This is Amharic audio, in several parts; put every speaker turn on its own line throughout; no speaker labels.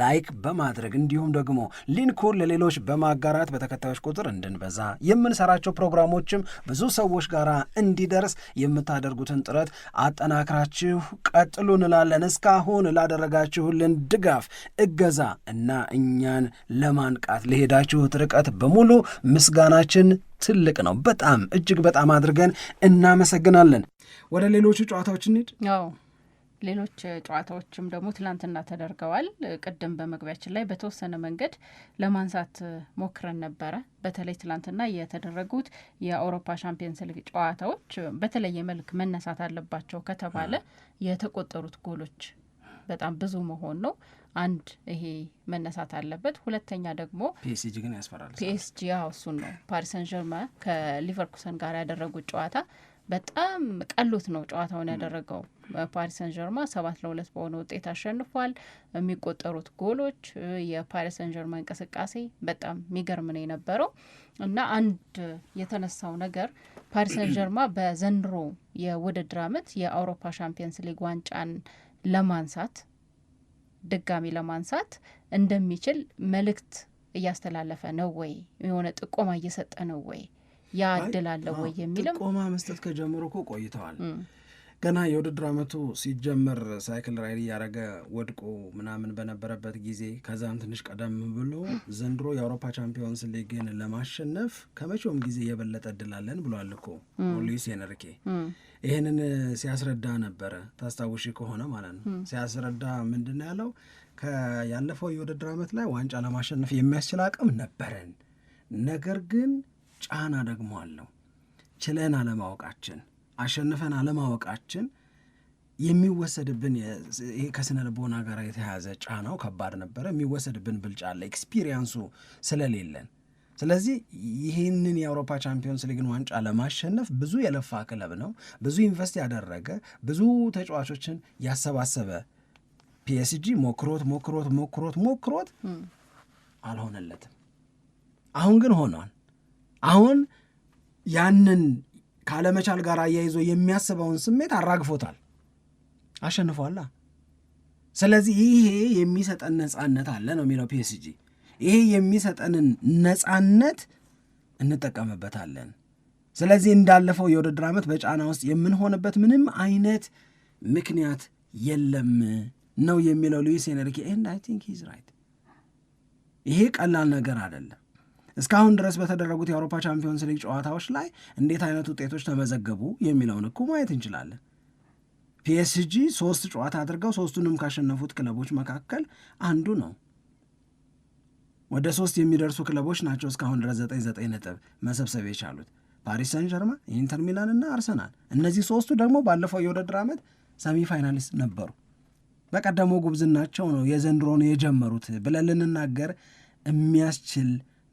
ላይክ በማድረግ እንዲሁም ደግሞ ሊንኩን ለሌሎች በማጋራት በተከታዮች ቁጥር እንድንበዛ የምንሰራቸው ፕሮግራሞችም ብዙ ሰዎች ጋር እንዲደርስ የምታደርጉትን ጥረት አጠናክራችሁ ቀጥሉ እንላለን። እስካሁን ላደረጋችሁልን ድጋፍ፣ እገዛ እና እኛን ለማንቃት ለሄዳችሁት ርቀት በሙሉ ምስጋናችን ትልቅ ነው። በጣም እጅግ በጣም አድርገን እናመሰግናለን።
ወደ ሌሎቹ ጨዋታዎች እንሂድ።
ሌሎች ጨዋታዎችም ደግሞ ትላንትና ተደርገዋል። ቅድም በመግቢያችን ላይ በተወሰነ መንገድ ለማንሳት ሞክረን ነበረ። በተለይ ትላንትና የተደረጉት የአውሮፓ ሻምፒየንስ ሊግ ጨዋታዎች በተለየ መልክ መነሳት አለባቸው ከተባለ የተቆጠሩት ጎሎች በጣም ብዙ መሆን ነው። አንድ ይሄ መነሳት አለበት። ሁለተኛ ደግሞ
ፒኤስጂ ግን ያስፈራል።
ፒኤስጂ እሱን ነው ፓሪሰን ጀርማ ከሊቨርኩሰን ጋር ያደረጉት ጨዋታ በጣም ቀሎት ነው ጨዋታውን ያደረገው። ፓሪስ ሰን ጀርማ ሰባት ለሁለት በሆነ ውጤት አሸንፏል። የሚቆጠሩት ጎሎች፣ የፓሪስ ሰን ጀርማ እንቅስቃሴ በጣም የሚገርም ነው የነበረው እና አንድ የተነሳው ነገር ፓሪስ ሰን ጀርማ በዘንድሮ የውድድር አመት የአውሮፓ ሻምፒየንስ ሊግ ዋንጫን ለማንሳት ድጋሚ ለማንሳት እንደሚችል መልእክት እያስተላለፈ ነው ወይ የሆነ ጥቆማ እየሰጠ ነው ወይ ያድላለ ወይ የሚልም
ቆማ መስጠት ከጀምሮ እኮ ቆይተዋል። ገና የውድድር ዓመቱ ሲጀመር ሳይክል ራይድ እያደረገ ወድቆ ምናምን በነበረበት ጊዜ ከዛም ትንሽ ቀደም ብሎ ዘንድሮ የአውሮፓ ቻምፒዮንስ ሊግን ለማሸነፍ ከመቼውም ጊዜ የበለጠ እድላለን ብሏል እኮ ሉዊስ ኤንሪኬ። ይህንን ሲያስረዳ ነበረ ታስታውሺ ከሆነ ማለት ነው። ሲያስረዳ ምንድን ነው ያለው? ያለፈው የውድድር ዓመት ላይ ዋንጫ ለማሸነፍ የሚያስችል አቅም ነበረን ነገር ግን ጫና ደግሞ አለው። ችለን አለማወቃችን፣ አሸንፈን አለማወቃችን የሚወሰድብን ከስነ ልቦና ጋር የተያዘ ጫናው ከባድ ነበረ። የሚወሰድብን ብልጫ አለ ኤክስፒሪየንሱ ስለሌለን። ስለዚህ ይህንን የአውሮፓ ቻምፒዮንስ ሊግን ዋንጫ ለማሸነፍ ብዙ የለፋ ክለብ ነው። ብዙ ኢንቨስት ያደረገ ብዙ ተጫዋቾችን ያሰባሰበ ፒኤስጂ ሞክሮት ሞክሮት ሞክሮት ሞክሮት አልሆነለትም። አሁን ግን ሆኗል። አሁን ያንን ካለመቻል ጋር አያይዞ የሚያስበውን ስሜት አራግፎታል። አሸንፏላ። ስለዚህ ይሄ የሚሰጠን ነፃነት አለ ነው የሚለው ፒኤስጂ። ይሄ የሚሰጠንን ነፃነት እንጠቀምበታለን። ስለዚህ እንዳለፈው የውድድር ዓመት በጫና ውስጥ የምንሆንበት ምንም አይነት ምክንያት የለም ነው የሚለው ሉዊስ ኤንሪኬ። ኤንድ አይ ቲንክ ሂዝ ራይት። ይሄ ቀላል ነገር አይደለም። እስካሁን ድረስ በተደረጉት የአውሮፓ ቻምፒዮንስ ሊግ ጨዋታዎች ላይ እንዴት አይነት ውጤቶች ተመዘገቡ የሚለውን እኮ ማየት እንችላለን። ፒኤስጂ ሶስት ጨዋታ አድርገው ሶስቱንም ካሸነፉት ክለቦች መካከል አንዱ ነው። ወደ ሶስት የሚደርሱ ክለቦች ናቸው እስካሁን ድረስ ዘጠኝ ዘጠኝ ነጥብ መሰብሰብ የቻሉት ፓሪስ ሰን ጀርማን፣ ኢንተር ሚላን እና አርሰናል። እነዚህ ሶስቱ ደግሞ ባለፈው የውድድር ዓመት ሰሚ ፋይናሊስት ነበሩ። በቀደሞ ጉብዝናቸው ነው የዘንድሮን የጀመሩት ብለን ልንናገር የሚያስችል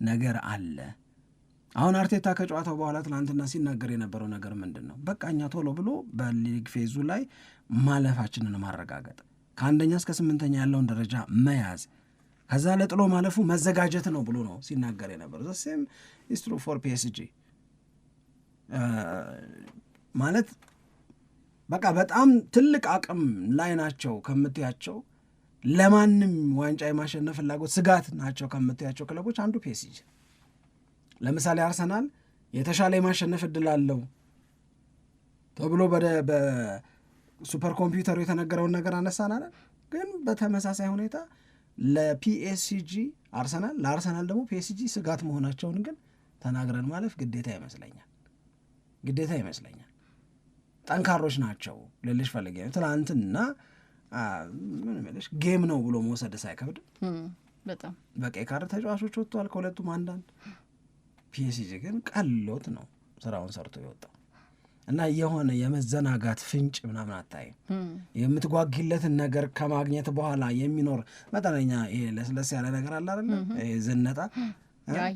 ነገር አለ። አሁን አርቴታ ከጨዋታው በኋላ ትናንትና ሲናገር የነበረው ነገር ምንድን ነው? በቃኛ ቶሎ ብሎ በሊግ ፌዙ ላይ ማለፋችንን ማረጋገጥ፣ ከአንደኛ እስከ ስምንተኛ ያለውን ደረጃ መያዝ፣ ከዛ ለጥሎ ማለፉ መዘጋጀት ነው ብሎ ነው ሲናገር የነበረው። ዘሴም ኢስትሩ ፎር ፒኤስጂ ማለት በቃ በጣም ትልቅ አቅም ላይ ናቸው ከምትያቸው ለማንም ዋንጫ የማሸነፍ ፍላጎት ስጋት ናቸው ከምታያቸው ክለቦች አንዱ ፔሲጅ። ለምሳሌ አርሰናል የተሻለ የማሸነፍ እድል አለው ተብሎ በሱፐር ኮምፒውተሩ የተነገረውን ነገር አነሳን አለ። ግን በተመሳሳይ ሁኔታ ለፒኤስጂ አርሰናል፣ ለአርሰናል ደግሞ ፒኤስጂ ስጋት መሆናቸውን ግን ተናግረን ማለፍ ግዴታ ይመስለኛል ግዴታ ይመስለኛል። ጠንካሮች ናቸው ልልሽ ፈልጌ ትናንትና ምን ጌም ነው ብሎ መውሰድ ሳይከብድ በጣም በቀይ ካርድ ተጫዋቾች ወጥተዋል ከሁለቱም አንዳንድ። ፒኤስጂ ግን ቀሎት ነው ስራውን ሰርቶ የወጣው እና የሆነ የመዘናጋት ፍንጭ ምናምን አታይም። የምትጓጊለትን ነገር ከማግኘት በኋላ የሚኖር መጠነኛ ለስለስ ያለ ነገር አለ አይደለ? ዝነጣ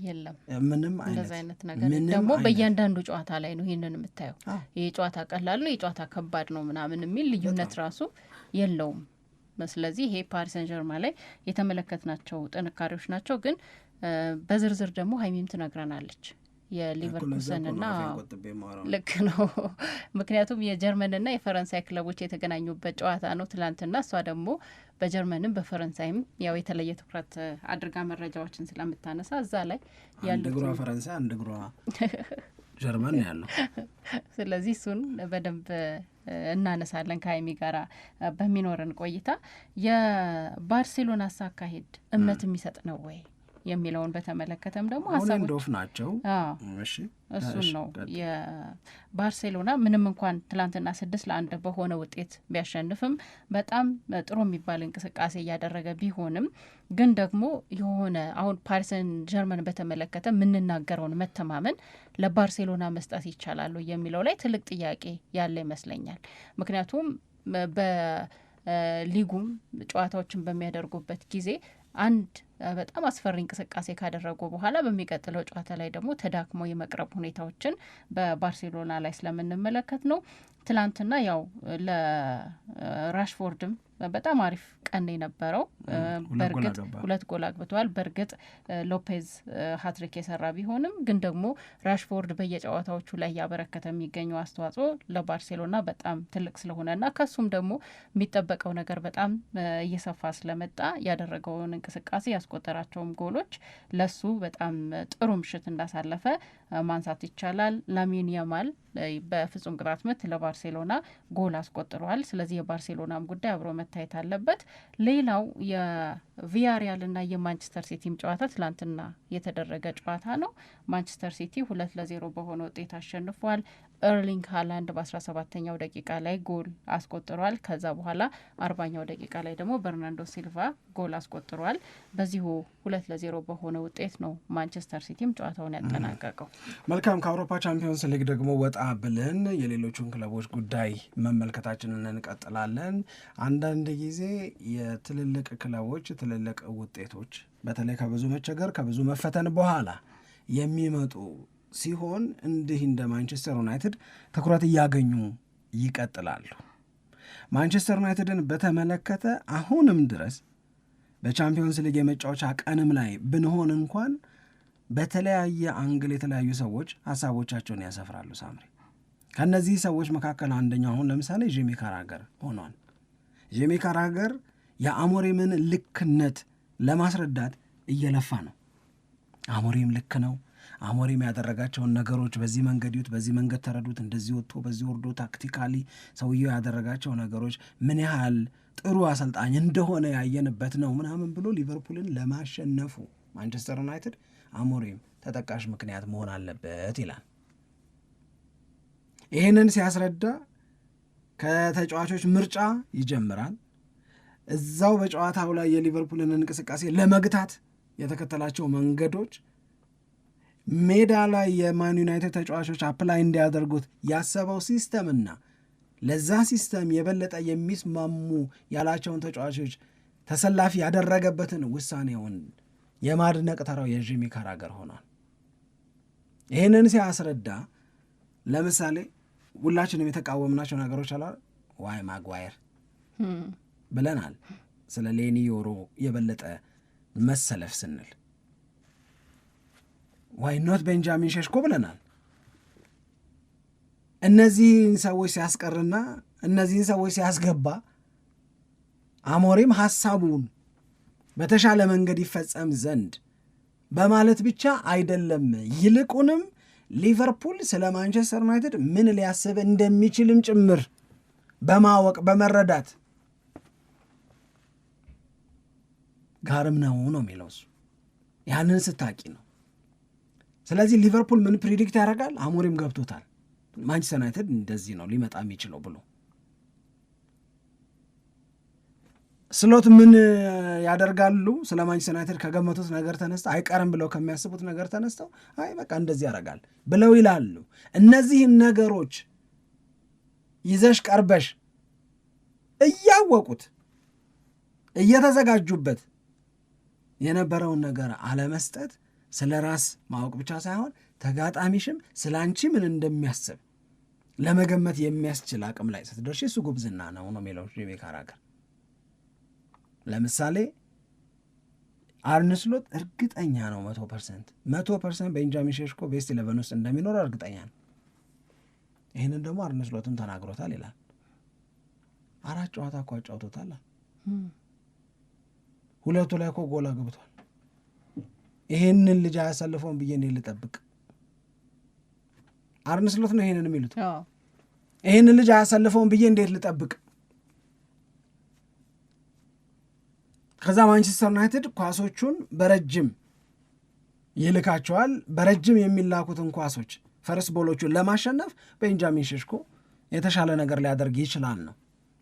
የለም ምንም አይነት
ነገር ደግሞ በእያንዳንዱ ጨዋታ ላይ ነው ይህንን የምታየው። ይህ ጨዋታ ቀላል ነው፣ የጨዋታ ከባድ ነው ምናምን የሚል ልዩነት ራሱ የለውም። ስለዚህ ይሄ ፓሪስ ሰን ጀርማ ላይ የተመለከትናቸው ጥንካሬዎች ናቸው። ግን በዝርዝር ደግሞ ሀይሚም ትነግረናለች የሊቨርኩሰንና ልክ ነው። ምክንያቱም የጀርመንና የፈረንሳይ ክለቦች የተገናኙበት ጨዋታ ነው ትላንትና። እሷ ደግሞ በጀርመንም በፈረንሳይም ያው የተለየ ትኩረት አድርጋ መረጃዎችን ስለምታነሳ እዛ ላይ
ያሉ ፈረንሳይ አንድ እግሯ ጀርመን ያለው።
ስለዚህ እሱን በደንብ እናነሳለን ከሀይሚ ጋራ በሚኖረን ቆይታ። የባርሴሎናስ አካሄድ እምነት የሚሰጥ ነው ወይ? የሚለውን በተመለከተም ደግሞ
ሀሳቦች ናቸው።
እሱን ነው የባርሴሎና ምንም እንኳን ትላንትና ስድስት ለአንድ በሆነ ውጤት ቢያሸንፍም በጣም ጥሩ የሚባል እንቅስቃሴ እያደረገ ቢሆንም ግን ደግሞ የሆነ አሁን ፓሪሰን ጀርመን በተመለከተ የምንናገረውን መተማመን ለባርሴሎና መስጠት ይቻላሉ የሚለው ላይ ትልቅ ጥያቄ ያለ ይመስለኛል። ምክንያቱም በሊጉም ጨዋታዎችን በሚያደርጉበት ጊዜ አንድ በጣም አስፈሪ እንቅስቃሴ ካደረጉ በኋላ በሚቀጥለው ጨዋታ ላይ ደግሞ ተዳክሞ የመቅረብ ሁኔታዎችን በባርሴሎና ላይ ስለምንመለከት ነው። ትላንትና ያው ለራሽፎርድም በጣም አሪፍ ቀን የነበረው በእርግጥ ሁለት ጎል አግብተዋል። በእርግጥ ሎፔዝ ሀትሪክ የሰራ ቢሆንም ግን ደግሞ ራሽፎርድ በየጨዋታዎቹ ላይ እያበረከተ የሚገኘው አስተዋጽኦ ለባርሴሎና በጣም ትልቅ ስለሆነና ከሱም ደግሞ የሚጠበቀው ነገር በጣም እየሰፋ ስለመጣ ያደረገውን እንቅስቃሴ ያስቆጠራቸውም ጎሎች ለሱ በጣም ጥሩ ምሽት እንዳሳለፈ ማንሳት ይቻላል። ላሚን ያማል በፍጹም ቅጣት ምት ለባርሴሎና ጎል አስቆጥሯል። ስለዚህ የባርሴሎናም ጉዳይ አብሮ መታየት አለበት። ሌላው የቪያሪያልና የማንቸስተር ሲቲም ጨዋታ ትላንትና የተደረገ ጨዋታ ነው። ማንቸስተር ሲቲ ሁለት ለዜሮ በሆነ ውጤት አሸንፏል። ኤርሊንግ ሀላንድ በ17ኛው ደቂቃ ላይ ጎል አስቆጥሯል። ከዛ በኋላ አርባኛው ደቂቃ ላይ ደግሞ በርናንዶ ሲልቫ ጎል አስቆጥሯል። በዚሁ ሁለት ለዜሮ በሆነ ውጤት ነው ማንቸስተር ሲቲም ጨዋታውን ያጠናቀቀው።
መልካም። ከአውሮፓ ቻምፒዮንስ ሊግ ደግሞ ወጣ ብለን የሌሎቹን ክለቦች ጉዳይ መመልከታችንን እንቀጥላለን። አንዳንድ ጊዜ የትልልቅ ክለቦች ትልልቅ ውጤቶች በተለይ ከብዙ መቸገር ከብዙ መፈተን በኋላ የሚመጡ ሲሆን እንዲህ እንደ ማንቸስተር ዩናይትድ ትኩረት እያገኙ ይቀጥላሉ። ማንቸስተር ዩናይትድን በተመለከተ አሁንም ድረስ በቻምፒዮንስ ሊግ የመጫወቻ ቀንም ላይ ብንሆን እንኳን በተለያየ አንግል የተለያዩ ሰዎች ሀሳቦቻቸውን ያሰፍራሉ። ሳምሪ ከእነዚህ ሰዎች መካከል አንደኛው አሁን ለምሳሌ ጄሚ ካራገር ሆኗል። ጄሚ ካራገር የአሞሪምን ልክነት ለማስረዳት እየለፋ ነው። አሞሪም ልክ ነው አሞሪም ያደረጋቸውን ነገሮች በዚህ መንገድ ይዩት፣ በዚህ መንገድ ተረዱት፣ እንደዚህ ወጥቶ በዚህ ወርዶ ታክቲካሊ ሰውየው ያደረጋቸው ነገሮች ምን ያህል ጥሩ አሰልጣኝ እንደሆነ ያየንበት ነው ምናምን ብሎ ሊቨርፑልን ለማሸነፉ ማንቸስተር ዩናይትድ አሞሪም ተጠቃሽ ምክንያት መሆን አለበት ይላል። ይህንን ሲያስረዳ ከተጫዋቾች ምርጫ ይጀምራል። እዛው በጨዋታው ላይ የሊቨርፑልን እንቅስቃሴ ለመግታት የተከተላቸው መንገዶች ሜዳ ላይ የማን ዩናይትድ ተጫዋቾች አፕላይ እንዲያደርጉት ያሰበው ሲስተምና ለዛ ሲስተም የበለጠ የሚስማሙ ያላቸውን ተጫዋቾች ተሰላፊ ያደረገበትን ውሳኔውን የማድነቅ ተራው የጂሚ ካራገር ሆኗል። ይህንን ሲያስረዳ ለምሳሌ ሁላችንም የተቃወምናቸው ነገሮች አላ ዋይ ማጓየር ብለናል። ስለ ሌኒ ዮሮ የበለጠ መሰለፍ ስንል ኖት ቤንጃሚን ሸሽኮ ብለናል። እነዚህን ሰዎች ሲያስቀርና እነዚህን ሰዎች ሲያስገባ አሞሪም ሀሳቡን በተሻለ መንገድ ይፈጸም ዘንድ በማለት ብቻ አይደለም፣ ይልቁንም ሊቨርፑል ስለ ማንቸስተር ዩናይትድ ምን ሊያስብ እንደሚችልም ጭምር በማወቅ በመረዳት ጋርም ነው ነው የሚለው እሱ ያንን ስታቂ ነው ስለዚህ ሊቨርፑል ምን ፕሪዲክት ያደርጋል? አሞሪም ገብቶታል። ማንቸስተር ዩናይትድ እንደዚህ ነው ሊመጣ የሚችለው ብሎ ስሎት ምን ያደርጋሉ? ስለ ማንቸስተር ዩናይትድ ከገመቱት ነገር ተነስተው አይቀርም ብለው ከሚያስቡት ነገር ተነስተው አይ በቃ እንደዚህ ያደርጋል ብለው ይላሉ። እነዚህን ነገሮች ይዘሽ ቀርበሽ እያወቁት እየተዘጋጁበት የነበረውን ነገር አለመስጠት ስለ ራስ ማወቅ ብቻ ሳይሆን ተጋጣሚሽም ስለ አንቺ ምን እንደሚያስብ ለመገመት የሚያስችል አቅም ላይ ስትደርሽ እሱ ጉብዝና ነው ነው የሚለው ጂሚ ካራገር። ለምሳሌ አርንስሎት እርግጠኛ ነው መቶ ፐርሰንት መቶ ፐርሰንት ቤንጃሚን ሼሽኮ ቤስት ኢለቨን ውስጥ እንደሚኖር እርግጠኛ ነው። ይህንን ደግሞ አርንስሎትም ተናግሮታል ይላል። አራት ጨዋታ እኮ አጫውቶታል። ሁለቱ ላይ እኮ ጎል አግብቷል። ይሄንን ልጅ አያሳልፈውን ብዬ እንዴ ልጠብቅ? አርነ ስሎት ነው ይሄንን የሚሉት። ይሄንን ልጅ አያሳልፈውን ብዬ እንዴት ልጠብቅ? ከዛ ማንቸስተር ዩናይትድ ኳሶቹን በረጅም ይልካቸዋል። በረጅም የሚላኩትን ኳሶች ፈርስ ቦሎቹን ለማሸነፍ ቤንጃሚን ሸሽኮ የተሻለ ነገር ሊያደርግ ይችላል ነው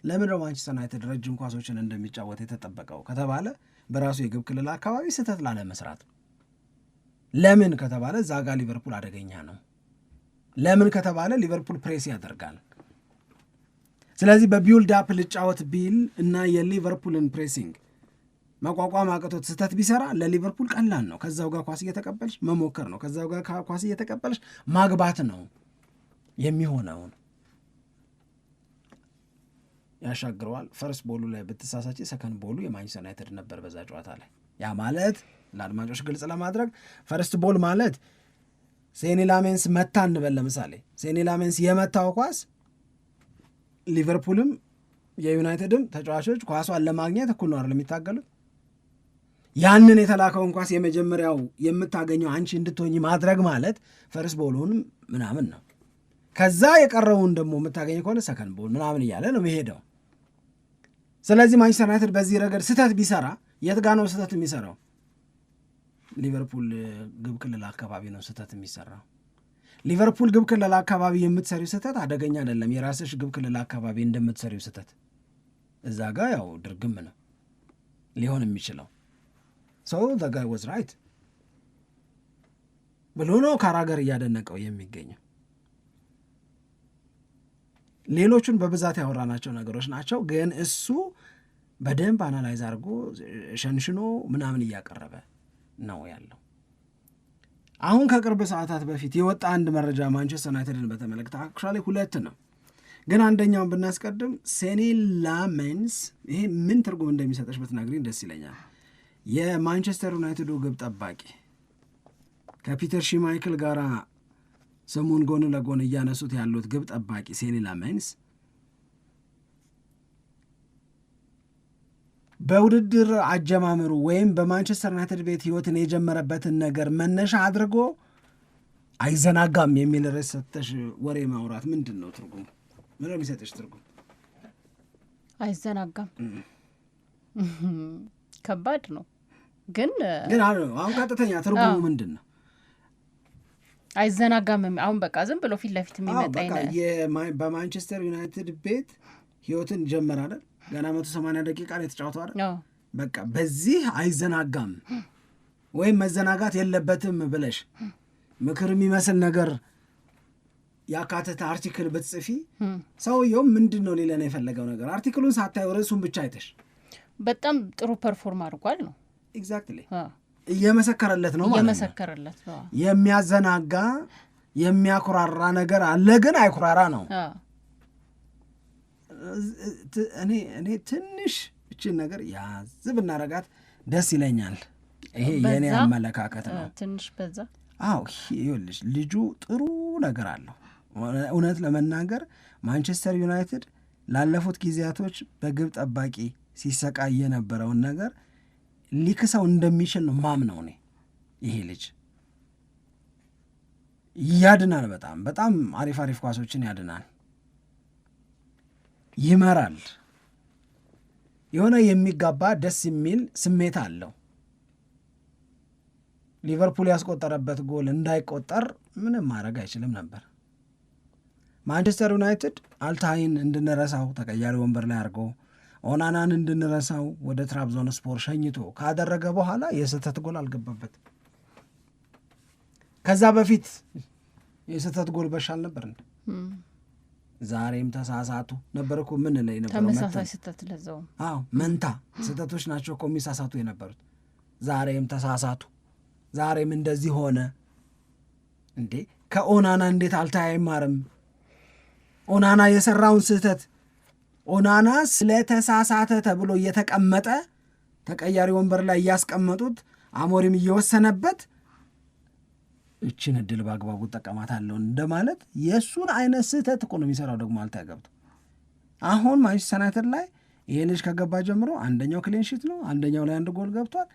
ለምን ነው ማንቸስተር ዩናይትድ ረጅም ኳሶችን እንደሚጫወት የተጠበቀው ከተባለ በራሱ የግብ ክልል አካባቢ ስህተት ላለመስራት ነው። ለምን ከተባለ እዛ ሊቨርፑል አደገኛ ነው። ለምን ከተባለ ሊቨርፑል ፕሬስ ያደርጋል። ስለዚህ በቢውልድ አፕ ልጫወት ቢል እና የሊቨርፑልን ፕሬሲንግ መቋቋም አቅቶት ስህተት ቢሰራ ለሊቨርፑል ቀላል ነው። ከዛው ጋር ኳስ እየተቀበልሽ መሞከር ነው። ከዛው ጋር ኳስ እየተቀበልሽ ማግባት ነው የሚሆነውን ያሻግረዋል። ፈርስት ቦሉ ላይ ብትሳሳች ሰከንድ ቦሉ የማንቸስተር ዩናይትድ ነበር በዛ ጨዋታ ላይ ያ ማለት ለአድማጮች ግልጽ ለማድረግ ፈርስት ቦል ማለት ሴኒ ላሜንስ መታ እንበል ለምሳሌ ሴኒ ላሜንስ የመታው ኳስ ሊቨርፑልም የዩናይትድም ተጫዋቾች ኳሷን ለማግኘት እኩል ነው አይደል የሚታገሉት ያንን የተላከውን ኳስ የመጀመሪያው የምታገኘው አንቺ እንድትሆኝ ማድረግ ማለት ፈርስት ቦሉን ምናምን ነው ከዛ የቀረውን ደግሞ የምታገኝ ከሆነ ሰከንድ ቦል ምናምን እያለ ነው የሄደው ስለዚህ ማንቸስተር ዩናይትድ በዚህ ረገድ ስህተት ቢሰራ የት ጋ ነው ስህተት የሚሰራው ሊቨርፑል ግብ ክልል አካባቢ ነው ስህተት የሚሰራው። ሊቨርፑል ግብ ክልል አካባቢ የምትሰሪው ስህተት አደገኛ አይደለም፣ የራስሽ ግብ ክልል አካባቢ እንደምትሰሪው ስህተት እዛ ጋ ያው ድርግም ነው ሊሆን የሚችለው። ሰው ዘጋይ ወዝ ራይት ብሎ ነው ካራገር እያደነቀው የሚገኘው። ሌሎቹን በብዛት ያወራናቸው ነገሮች ናቸው፣ ግን እሱ በደንብ አናላይዝ አድርጎ ሸንሽኖ ምናምን እያቀረበ ነው ያለው። አሁን ከቅርብ ሰዓታት በፊት የወጣ አንድ መረጃ ማንቸስተር ዩናይትድን በተመለከተ አክቹዋሊ ሁለት ነው፣ ግን አንደኛውን ብናስቀድም ሴኒ ላመንስ ይሄ ምን ትርጉም እንደሚሰጠች ብትነግሪኝ ደስ ይለኛል። የማንቸስተር ዩናይትዱ ግብ ጠባቂ ከፒተር ሺማይክል ጋር ስሙን ጎን ለጎን እያነሱት ያሉት ግብ ጠባቂ ሴኒ ላሜንስ በውድድር አጀማመሩ ወይም በማንቸስተር ዩናይትድ ቤት ህይወትን የጀመረበትን ነገር መነሻ አድርጎ አይዘናጋም የሚል ርዕስ ሰጥተሽ ወሬ ማውራት ምንድን ነው ትርጉም? ምን ነው የሚሰጥሽ ትርጉም?
አይዘናጋም ከባድ ነው ግን
ግን አሁን ቀጥተኛ ትርጉሙ ምንድን ነው?
አይዘናጋም አሁን በቃ ዝም ብሎ ፊት ለፊት የሚመጣ
በማንቸስተር ዩናይትድ ቤት ህይወትን ይጀምራለን ገና መቶ ሰማንያ ደቂቃ ላይ የተጫወተው አይደል? በቃ በዚህ አይዘናጋም ወይም መዘናጋት የለበትም ብለሽ ምክር የሚመስል ነገር ያካተተ አርቲክል ብትጽፊ ሰውየውም ምንድን ነው ሌላ የፈለገው ነገር አርቲክሉን ሳታይ ርዕሱን ብቻ አይተሽ
በጣም ጥሩ ፐርፎርም አድርጓል ነው
ኤግዛክትሊ እየመሰከረለት ነው ማለት የሚያዘናጋ የሚያኩራራ ነገር አለ ግን አይኩራራ ነው። እኔ እኔ ትንሽ እችን ነገር ያዝ ብናረጋት ደስ ይለኛል። ይሄ የእኔ አመለካከት ነው። ትንሽ በዛ። አዎ ይኸውልሽ ልጁ ጥሩ ነገር አለው። እውነት ለመናገር ማንቸስተር ዩናይትድ ላለፉት ጊዜያቶች በግብ ጠባቂ ሲሰቃይ የነበረውን ነገር ሊክሰው እንደሚችል ነው ማምነው እኔ። ይሄ ልጅ ያድናል። በጣም በጣም አሪፍ አሪፍ ኳሶችን ያድናል። ይመራል። የሆነ የሚጋባ ደስ የሚል ስሜት አለው። ሊቨርፑል ያስቆጠረበት ጎል እንዳይቆጠር ምንም ማድረግ አይችልም ነበር። ማንቸስተር ዩናይትድ አልታይን እንድንረሳው ተቀያሪ ወንበር ላይ አድርጎ ኦናናን እንድንረሳው ወደ ትራብዞን ስፖር ሸኝቶ ካደረገ በኋላ የስህተት ጎል አልገባበትም። ከዛ በፊት የስህተት ጎል በሻል ነበር እንዴ? ዛሬም ተሳሳቱ ነበር እኮ ምን ላይ ነበሩ? ስህተት አዎ መንታ ስህተቶች ናቸው እኮ የሚሳሳቱ የነበሩት። ዛሬም ተሳሳቱ፣ ዛሬም እንደዚህ ሆነ። እንዴ ከኦናና እንዴት አልታይ አይማርም? ኦናና የሰራውን ስህተት ኦናና ስለተሳሳተ ተብሎ እየተቀመጠ ተቀያሪ ወንበር ላይ እያስቀመጡት አሞሪም እየወሰነበት እችን እድል በአግባቡ እጠቀማታለሁ እንደማለት የእሱን አይነት ስህተት እኮ ነው የሚሰራው። ደግሞ አልታ አሁን ማንቸስተር ዩናይትድ ላይ ይሄ ልጅ ከገባ ጀምሮ አንደኛው ክሊንሽት ነው፣ አንደኛው ላይ አንድ ጎል ገብቷል።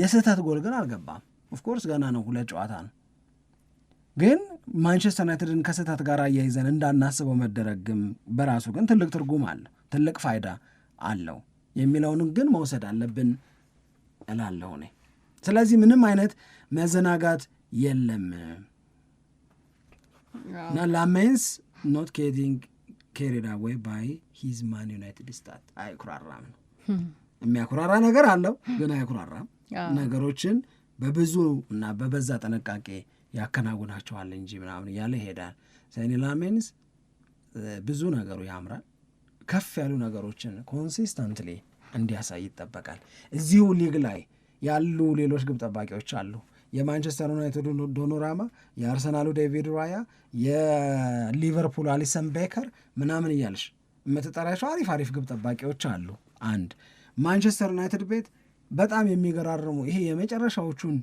የስህተት ጎል ግን አልገባም። ኦፍኮርስ ገና ነው፣ ሁለት ጨዋታ ነው። ግን ማንቸስተር ዩናይትድን ከስህተት ጋር አያይዘን እንዳናስበው መደረግም በራሱ ግን ትልቅ ትርጉም አለ፣ ትልቅ ፋይዳ አለው የሚለውንም ግን መውሰድ አለብን እላለሁ እኔ። ስለዚህ ምንም አይነት መዘናጋት የለም እና ላሜንስ ኖት ኬዲንግ ኬሪድ አዌይ ባይ ሂዝ ማን ዩናይትድ ስታት አይኩራራም ነው። የሚያኩራራ ነገር አለው ግን አይኩራራም። ነገሮችን በብዙ እና በበዛ ጥንቃቄ ያከናውናቸዋል እንጂ ምናምን እያለ ይሄዳል። ሰኒ ላሜንስ eh, ብዙ ነገሩ ያምራል። ከፍ ያሉ ነገሮችን ኮንሲስተንትሊ እንዲያሳይ ይጠበቃል። እዚሁ ሊግ ላይ ያሉ ሌሎች ግብ ጠባቂዎች አሉ የማንቸስተር ዩናይትድ ዶኖራማ፣ የአርሰናሉ ዴቪድ ራያ፣ የሊቨርፑል አሊሰን ቤከር ምናምን እያልሽ የምትጠራቸው አሪፍ አሪፍ ግብ ጠባቂዎች አሉ። አንድ ማንቸስተር ዩናይትድ ቤት በጣም የሚገራርሙ ይሄ የመጨረሻዎቹን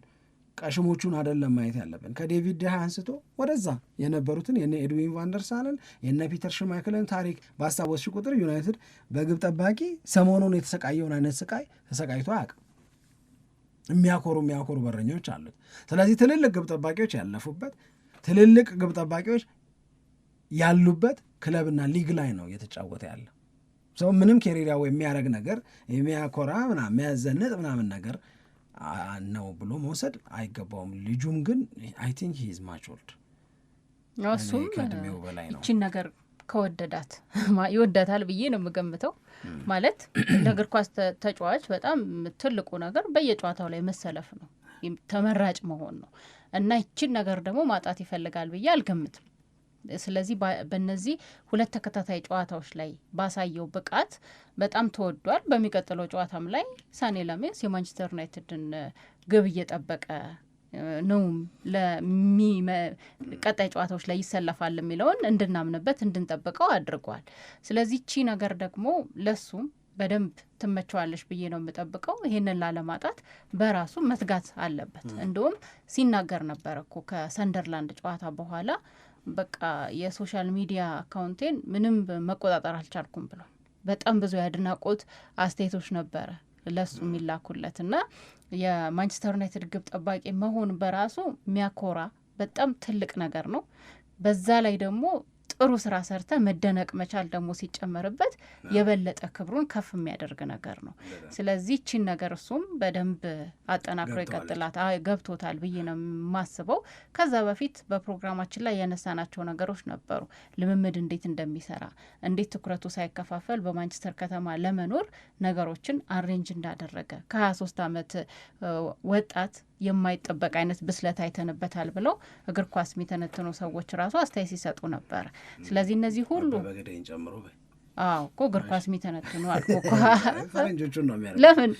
ቀሽሞቹን አደለም ማየት ያለብን። ከዴቪድ ደሃ አንስቶ ወደዛ የነበሩትን የነ ኤድዊን ቫንደርሳንን የነ ፒተር ሽማይክልን ታሪክ ባስታወስሽ ቁጥር ዩናይትድ በግብ ጠባቂ ሰሞኑን የተሰቃየውን አይነት ስቃይ ተሰቃይቶ አያውቅም። የሚያኮሩ የሚያኮሩ በረኞች አሉት። ስለዚህ ትልልቅ ግብ ጠባቂዎች ያለፉበት ትልልቅ ግብ ጠባቂዎች ያሉበት ክለብና ሊግ ላይ ነው እየተጫወተ ያለ ሰው ምንም ኬሪራው የሚያደርግ ነገር የሚያኮራ ምናምን የሚያዘንጥ ምናምን ነገር ነው ብሎ መውሰድ አይገባውም። ልጁም ግን አይ ቲንክ ሂዝ ማች ኦልድ
እሱም ከዕድሜው በላይ ነው። ከወደዳት ይወዳታል ብዬ ነው የምገምተው። ማለት ለእግር ኳስ ተጫዋች በጣም ትልቁ ነገር በየጨዋታው ላይ መሰለፍ ነው፣ ተመራጭ መሆን ነው እና ይችን ነገር ደግሞ ማጣት ይፈልጋል ብዬ አልገምትም። ስለዚህ በእነዚህ ሁለት ተከታታይ ጨዋታዎች ላይ ባሳየው ብቃት በጣም ተወዷል። በሚቀጥለው ጨዋታም ላይ ሳኔ ላሜንስ የማንቸስተር ዩናይትድን ግብ እየጠበቀ ነው ለሚቀጣይ ጨዋታዎች ላይ ይሰለፋል የሚለውን እንድናምንበት እንድንጠብቀው አድርጓል። ስለዚህ ቺ ነገር ደግሞ ለሱም በደንብ ትመቸዋለች ብዬ ነው የምጠብቀው። ይህንን ላለማጣት በራሱ መትጋት አለበት። እንደውም ሲናገር ነበር እኮ ከሰንደርላንድ ጨዋታ በኋላ በቃ የሶሻል ሚዲያ አካውንቴን ምንም መቆጣጠር አልቻልኩም ብሏል። በጣም ብዙ የአድናቆት አስተያየቶች ነበረ ለሱ የሚላኩለት እና የማንቸስተር ዩናይትድ ግብ ጠባቂ መሆን በራሱ የሚያኮራ በጣም ትልቅ ነገር ነው። በዛ ላይ ደግሞ ጥሩ ስራ ሰርተ መደነቅ መቻል ደግሞ ሲጨመርበት የበለጠ ክብሩን ከፍ የሚያደርግ ነገር ነው። ስለዚህ ቺን ነገር እሱም በደንብ አጠናክሮ ይቀጥላት ገብቶታል ብዬ ነው የማስበው። ከዛ በፊት በፕሮግራማችን ላይ ያነሳናቸው ነገሮች ነበሩ። ልምምድ እንዴት እንደሚሰራ እንዴት ትኩረቱ ሳይከፋፈል በማንቸስተር ከተማ ለመኖር ነገሮችን አሬንጅ እንዳደረገ ከ23 ዓመት ወጣት የማይጠበቅ አይነት ብስለት አይተንበታል ብለው እግር ኳስ የሚተነትኑ ሰዎች ራሱ አስተያየት ሲሰጡ ነበር። ስለዚህ እነዚህ ሁሉ ጨምሮ አዎ እኮ እግር ኳስ የሚተነትኑ አልኩ
እኮ ፈረንጆቹን ነው የሚያደርጉት።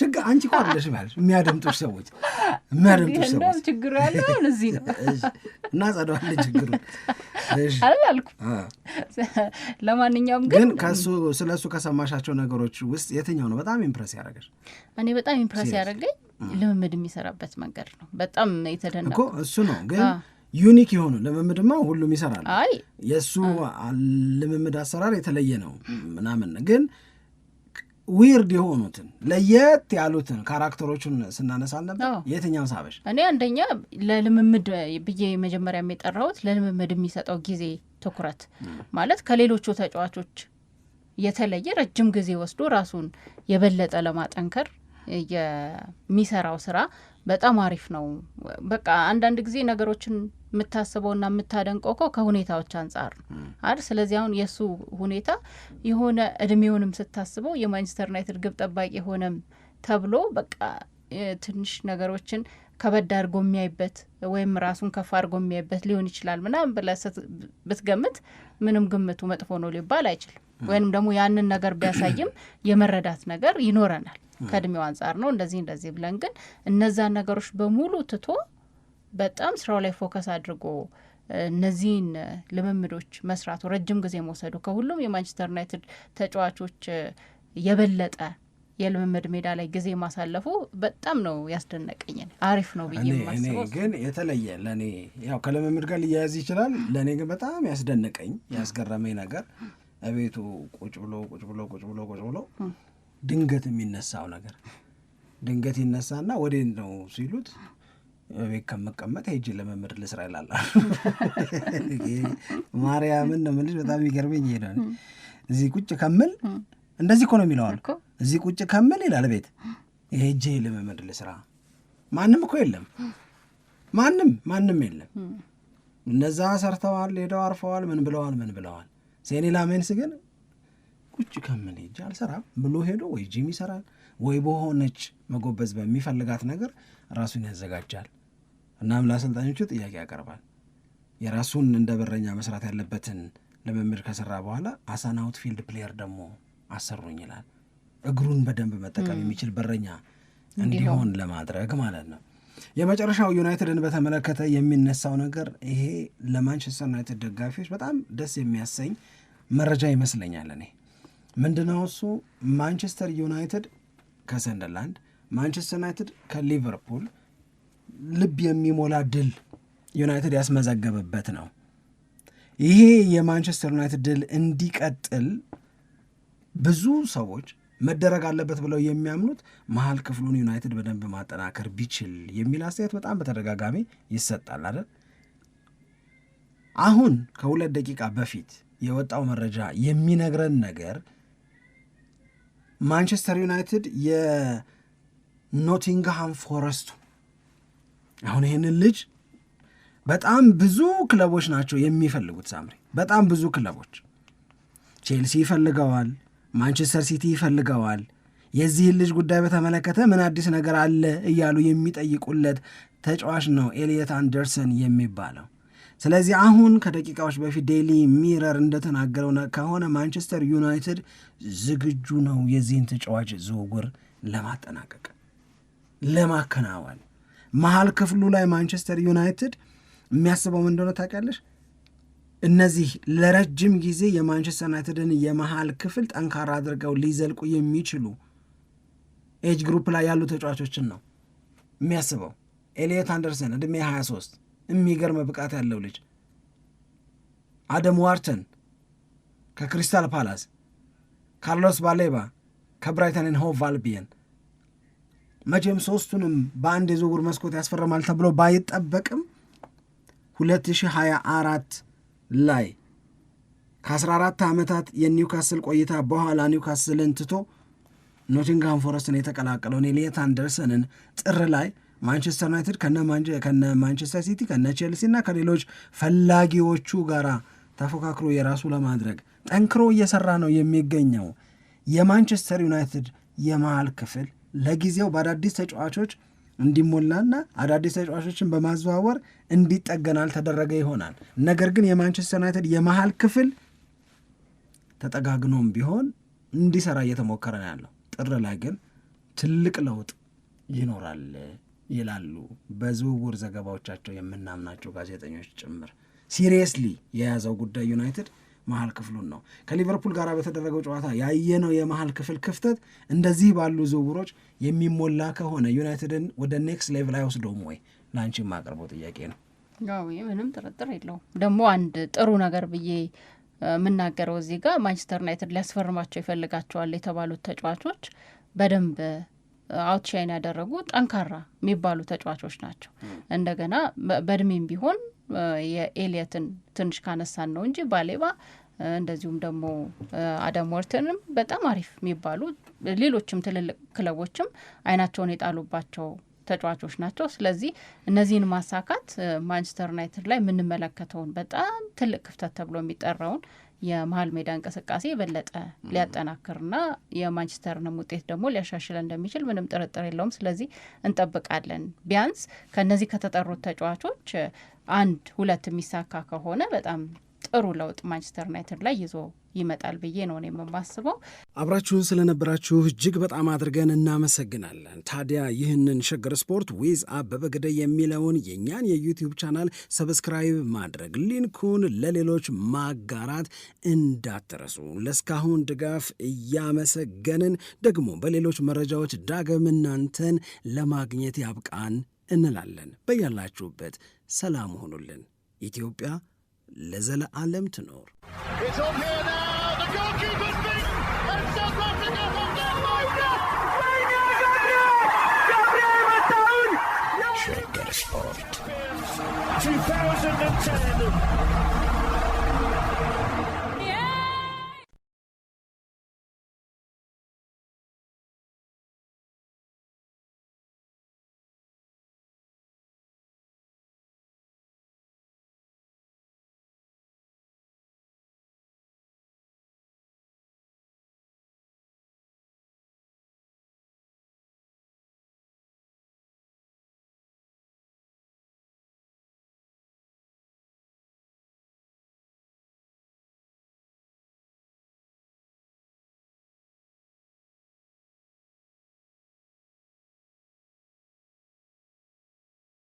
ችግር አንቺ እኮ አለሽ ማለት የሚያደምጡሽ ሰዎች የሚያደምጡሽ ሰዎች
ችግሩ ያለው እዚህ ነው
እና ጸደዋለ ችግሩ
አላልኩ። ለማንኛውም ግን
ከሱ ስለ እሱ ከሰማሻቸው ነገሮች ውስጥ የትኛው ነው በጣም ኢምፕረስ ያደረገሽ?
እኔ በጣም ኢምፕረስ ያደረገኝ ልምምድ የሚሰራበት መንገድ ነው። በጣም የተደነቁ
እሱ ነው ግን ዩኒክ የሆኑ ልምምድማ ሁሉም ይሰራል። የእሱ ልምምድ አሰራር የተለየ ነው ምናምን ግን ዊርድ የሆኑትን ለየት ያሉትን ካራክተሮቹን ስናነሳ ነበር። የትኛው ሳበሽ?
እኔ አንደኛ ለልምምድ ብዬ መጀመሪያ የጠራሁት ለልምምድ የሚሰጠው ጊዜ ትኩረት ማለት ከሌሎቹ ተጫዋቾች የተለየ ረጅም ጊዜ ወስዶ ራሱን የበለጠ ለማጠንከር የሚሰራው ስራ በጣም አሪፍ ነው። በቃ አንዳንድ ጊዜ ነገሮችን የምታስበውና የምታደንቀው እኮ ከሁኔታዎች አንጻር አይደል? ስለዚህ አሁን የእሱ ሁኔታ የሆነ እድሜውንም ስታስበው የማንቸስተር ዩናይትድ ግብ ጠባቂ የሆነም ተብሎ በቃ ትንሽ ነገሮችን ከበድ አድርጎ የሚያይበት ወይም ራሱን ከፍ አድርጎ የሚያይበት ሊሆን ይችላል ምናምን ብለህ ብትገምት ምንም ግምቱ መጥፎ ነው ሊባል አይችልም። ወይም ደግሞ ያንን ነገር ቢያሳይም የመረዳት ነገር ይኖረናል። ከእድሜው አንጻር ነው እንደዚህ እንደዚህ ብለን ግን እነዛን ነገሮች በሙሉ ትቶ በጣም ስራው ላይ ፎከስ አድርጎ እነዚህን ልምምዶች መስራቱ ረጅም ጊዜ መውሰዱ ከሁሉም የማንቸስተር ዩናይትድ ተጫዋቾች የበለጠ የልምምድ ሜዳ ላይ ጊዜ ማሳለፉ በጣም ነው ያስደነቀኝ። አሪፍ ነው ብዬ
ግን የተለየ ለእኔ ያው ከልምምድ ጋር ሊያያዝ ይችላል። ለእኔ ግን በጣም ያስደነቀኝ ያስገረመኝ ነገር እቤቱ ቁጭ ብሎ ቁጭ ብሎ ቁጭ ብሎ ቁጭ ብሎ ድንገት የሚነሳው ነገር ድንገት ይነሳና ወዴት ነው ሲሉት ቤት ከመቀመጥ ሄጅ ልምምድ ልስራ ይላል። ማርያምን ነው የምልሽ፣ በጣም የሚገርመኝ ይሄ ነው። እዚህ ቁጭ ከምል እንደዚህ እኮ ነው የሚለዋል። እዚህ ቁጭ ከምል ይላል ቤት ሄጄ ልምምድ ልስራ። ማንም እኮ የለም፣ ማንም ማንም የለም። እነዛ ሰርተዋል፣ ሄደው አርፈዋል፣ ምን ብለዋል፣ ምን ብለዋል ሴኒ ላሜንስ ግን ቁጭ ከምን ሄጄ አልሰራም ብሎ ሄዶ ወይ ጂም ይሰራል ወይ በሆነች መጎበዝ በሚፈልጋት ነገር ራሱን ያዘጋጃል። እናም ለአሰልጣኞቹ ጥያቄ ያቀርባል። የራሱን እንደ በረኛ መስራት ያለበትን ልምምድ ከሰራ በኋላ አሳን ፊልድ ፕሌየር ደግሞ አሰሩኝ ይላል። እግሩን በደንብ መጠቀም የሚችል በረኛ እንዲሆን ለማድረግ ማለት ነው። የመጨረሻው ዩናይትድን በተመለከተ የሚነሳው ነገር ይሄ ለማንቸስተር ዩናይትድ ደጋፊዎች በጣም ደስ የሚያሰኝ መረጃ ይመስለኛል። እኔ ምንድነው እሱ ማንቸስተር ዩናይትድ ከሰንደርላንድ፣ ማንቸስተር ዩናይትድ ከሊቨርፑል ልብ የሚሞላ ድል ዩናይትድ ያስመዘገበበት ነው። ይሄ የማንቸስተር ዩናይትድ ድል እንዲቀጥል ብዙ ሰዎች መደረግ አለበት ብለው የሚያምኑት መሀል ክፍሉን ዩናይትድ በደንብ ማጠናከር ቢችል የሚል አስተያየት በጣም በተደጋጋሚ ይሰጣል አይደል? አሁን ከሁለት ደቂቃ በፊት የወጣው መረጃ የሚነግረን ነገር ማንቸስተር ዩናይትድ የኖቲንግሃም ፎረስቱ አሁን ይህንን ልጅ በጣም ብዙ ክለቦች ናቸው የሚፈልጉት። ሳምሪ በጣም ብዙ ክለቦች ቼልሲ ይፈልገዋል ማንቸስተር ሲቲ ይፈልገዋል። የዚህን ልጅ ጉዳይ በተመለከተ ምን አዲስ ነገር አለ እያሉ የሚጠይቁለት ተጫዋች ነው ኤልየት አንደርሰን የሚባለው። ስለዚህ አሁን ከደቂቃዎች በፊት ዴይሊ ሚረር እንደተናገረው ከሆነ ማንቸስተር ዩናይትድ ዝግጁ ነው የዚህን ተጫዋች ዝውውር ለማጠናቀቅ ለማከናወን። መሀል ክፍሉ ላይ ማንቸስተር ዩናይትድ የሚያስበው ምን እንደሆነ ታውቂያለሽ? እነዚህ ለረጅም ጊዜ የማንቸስተር ዩናይትድን የመሃል ክፍል ጠንካራ አድርገው ሊዘልቁ የሚችሉ ኤጅ ግሩፕ ላይ ያሉ ተጫዋቾችን ነው የሚያስበው። ኤሊዮት አንደርሰን እድሜ 23 የሚገርም ብቃት ያለው ልጅ፣ አደም ዋርተን ከክሪስታል ፓላስ፣ ካርሎስ ባሌባ ከብራይተንን ሆቭ አልቢየን። መቼም ሶስቱንም በአንድ የዝውውር መስኮት ያስፈርማል ተብሎ ባይጠበቅም 2024 ላይ ከ14 ዓመታት የኒውካስል ቆይታ በኋላ ኒውካስልን ትቶ ኖቲንግሃም ፎረስትን የተቀላቀለውን ኤሊየት አንደርሰንን ጥር ላይ ማንቸስተር ዩናይትድ ከነ ማንቸስተር ሲቲ ከነ ቼልሲ እና ከሌሎች ፈላጊዎቹ ጋር ተፎካክሮ የራሱ ለማድረግ ጠንክሮ እየሰራ ነው የሚገኘው። የማንቸስተር ዩናይትድ የመሃል ክፍል ለጊዜው በአዳዲስ ተጫዋቾች እንዲሞላና አዳዲስ ተጫዋቾችን በማዘዋወር እንዲጠገን አልተደረገ ይሆናል። ነገር ግን የማንቸስተር ዩናይትድ የመሀል ክፍል ተጠጋግኖም ቢሆን እንዲሰራ እየተሞከረ ነው ያለው። ጥር ላይ ግን ትልቅ ለውጥ ይኖራል ይላሉ በዝውውር ዘገባዎቻቸው የምናምናቸው ጋዜጠኞች ጭምር። ሲሪየስሊ የያዘው ጉዳይ ዩናይትድ መሀል ክፍሉን ነው። ከሊቨርፑል ጋር በተደረገው ጨዋታ ያየነው የመሀል ክፍል ክፍተት እንደዚህ ባሉ ዝውውሮች የሚሞላ ከሆነ ዩናይትድን ወደ ኔክስት ሌቭል አይወስደውም ወይ? ለአንቺ የማቀርበው ጥያቄ ነው።
ያው ምንም ጥርጥር የለውም። ደግሞ አንድ ጥሩ ነገር ብዬ የምናገረው እዚህ ጋር ማንቸስተር ዩናይትድ ሊያስፈርማቸው ይፈልጋቸዋል የተባሉት ተጫዋቾች በደንብ አውትሻይን ያደረጉ ጠንካራ የሚባሉ ተጫዋቾች ናቸው። እንደገና በእድሜም ቢሆን የኤሊየትን ትንሽ ካነሳን ነው እንጂ ባሌባ እንደዚሁም ደግሞ አዳም ወርተንም በጣም አሪፍ የሚባሉ ሌሎችም ትልልቅ ክለቦችም አይናቸውን የጣሉባቸው ተጫዋቾች ናቸው። ስለዚህ እነዚህን ማሳካት ማንቸስተር ዩናይትድ ላይ የምንመለከተውን በጣም ትልቅ ክፍተት ተብሎ የሚጠራውን የመሀል ሜዳ እንቅስቃሴ የበለጠ ሊያጠናክርና የማንቸስተርንም ውጤት ደግሞ ሊያሻሽል እንደሚችል ምንም ጥርጥር የለውም። ስለዚህ እንጠብቃለን ቢያንስ ከእነዚህ ከተጠሩት ተጫዋቾች አንድ ሁለት የሚሳካ ከሆነ በጣም ጥሩ ለውጥ ማንቸስተር ዩናይትድ ላይ ይዞ ይመጣል ብዬ ነው የማስበው።
አብራችሁን ስለነበራችሁ እጅግ በጣም አድርገን እናመሰግናለን። ታዲያ ይህንን ሸገር ስፖርት ዊዝ አበበ ግደይ የሚለውን የእኛን የዩቲዩብ ቻናል ሰብስክራይብ ማድረግ፣ ሊንኩን ለሌሎች ማጋራት እንዳትረሱ። ለእስካሁን ድጋፍ እያመሰገንን ደግሞ በሌሎች መረጃዎች ዳግም እናንተን ለማግኘት ያብቃን እንላለን። በያላችሁበት ሰላም ሆኑልን። ኢትዮጵያ ለዘለ ለዘለዓለም ትኖር።